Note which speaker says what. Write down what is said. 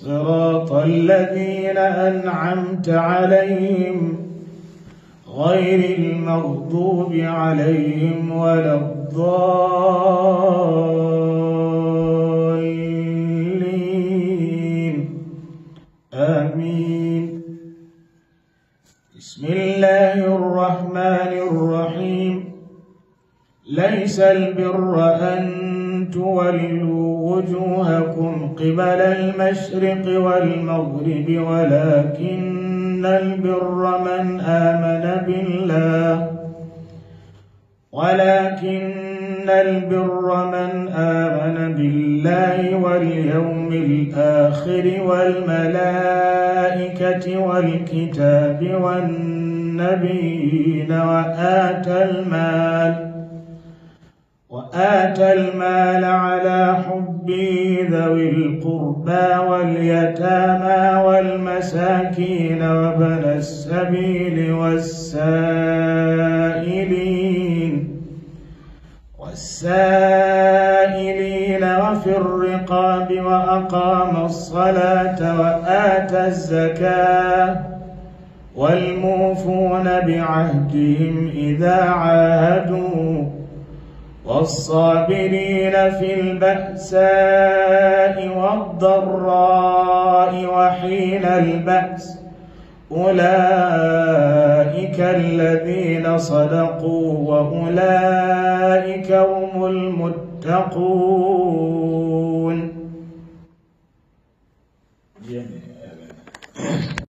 Speaker 1: صراط الذين أنعمت عليهم غير المغضوب عليهم ولا الضالين آمين بسم الله الرحمن الرحيم ليس البر أن تولوا وجوهكم قبل المشرق والمغرب ولكن البر من آمن بالله ولكن البر من آمن بالله واليوم الآخر والملائكة والكتاب والنبيين وآتى المال وآتى المال على حبه ذوي القربى واليتامى والمساكين وابن السبيل والسائلين والسائلين وفي الرقاب وأقام الصلاة وآتى الزكاة والموفون بعهدهم إذا عاهدوا والصابرين في البأساء والضراء وحين البأس أولئك الذين صدقوا وأولئك هم المتقون